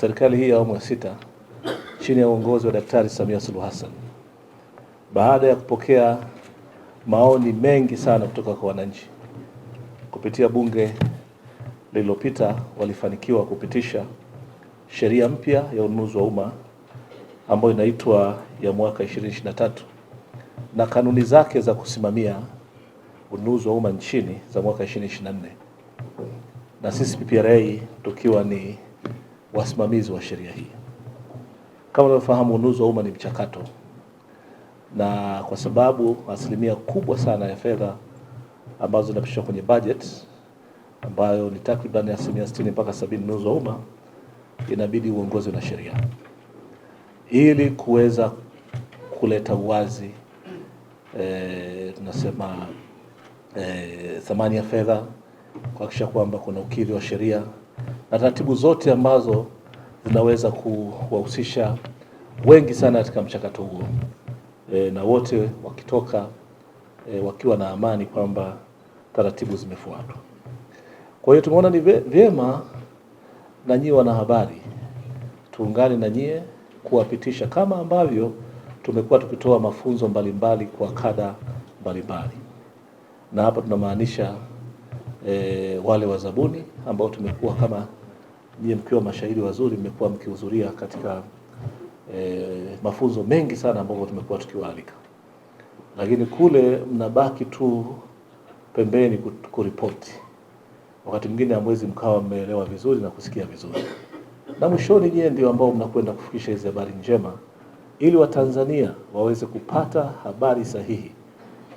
Serikali hii ya awamu ya sita chini ya uongozi wa Daktari Samia Suluhu Hassan, baada ya kupokea maoni mengi sana kutoka kwa wananchi kupitia bunge lililopita, walifanikiwa kupitisha sheria mpya ya ununuzi wa umma ambayo inaitwa ya mwaka 2023 na kanuni zake za kusimamia ununuzi wa umma nchini za mwaka 2024 na sisi PPRA tukiwa ni wasimamizi wa sheria hii. Kama unavyofahamu, ununuzi wa umma ni mchakato, na kwa sababu asilimia kubwa sana ya fedha ambazo zinapishwa kwenye budget ambayo ni takriban asilimia 60 mpaka sabini ununuzi wa umma inabidi uongozwe na sheria ili kuweza kuleta uwazi e, tunasema e, thamani ya fedha, kuhakikisha kwamba kuna ukiri wa sheria na taratibu zote ambazo zinaweza kuwahusisha wengi sana katika mchakato huo e, na wote wakitoka e, wakiwa na amani kwamba taratibu zimefuatwa. Kwa hiyo tumeona ni vyema na nyie wanahabari tuungane na nyie kuwapitisha kama ambavyo tumekuwa tukitoa mafunzo mbalimbali mbali kwa kada mbalimbali mbali. Na hapa tunamaanisha e, wale wa zabuni ambao tumekuwa kama nyie mkiwa mashairi wazuri mmekuwa mkihudhuria katika e, mafunzo mengi sana ambayo tumekuwa tukiwaalika, lakini kule mnabaki tu pembeni kuripoti. Wakati mwingine hamwezi mkawa mmeelewa vizuri na kusikia vizuri, na mwishoni nyie ndio ambao mnakwenda kufikisha hizi habari njema ili Watanzania waweze kupata habari sahihi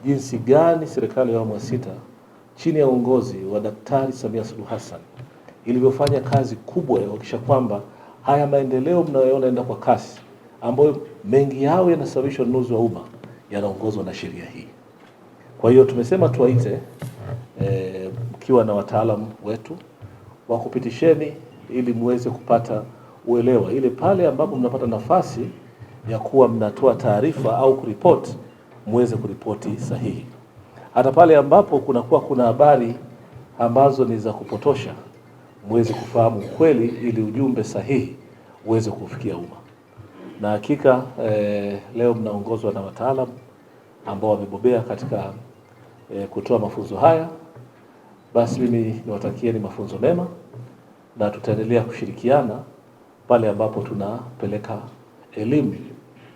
jinsi gani serikali ya awamu ya sita chini ya uongozi wa Daktari Samia Suluhu Hassan ilivyofanya kazi kubwa ya kuhakikisha kwamba haya maendeleo mnayoona yanaenda kwa kasi ambayo mengi yao yanasababishwa ununuzi wa umma yanaongozwa na sheria hii. Kwa hiyo tumesema tuwaite e, mkiwa na wataalamu wetu kupitisheni ili muweze kupata uelewa, ile pale ambapo mnapata nafasi ya kuwa mnatoa taarifa au kuripoti muweze kuripoti sahihi hata pale ambapo kunakuwa kuna habari ambazo ni za kupotosha, muweze kufahamu ukweli ili ujumbe sahihi uweze kufikia umma. Na hakika eh, leo mnaongozwa na wataalamu ambao wamebobea katika eh, kutoa mafunzo haya. Basi mimi niwatakieni mafunzo mema, na tutaendelea kushirikiana pale ambapo tunapeleka elimu,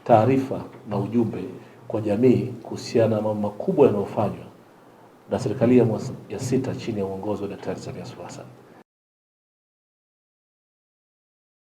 taarifa na ujumbe kwa jamii kuhusiana na mambo makubwa yanayofanywa na serikali ya sita chini ya uongozi wa Daktari Samia Suluhu Hassan.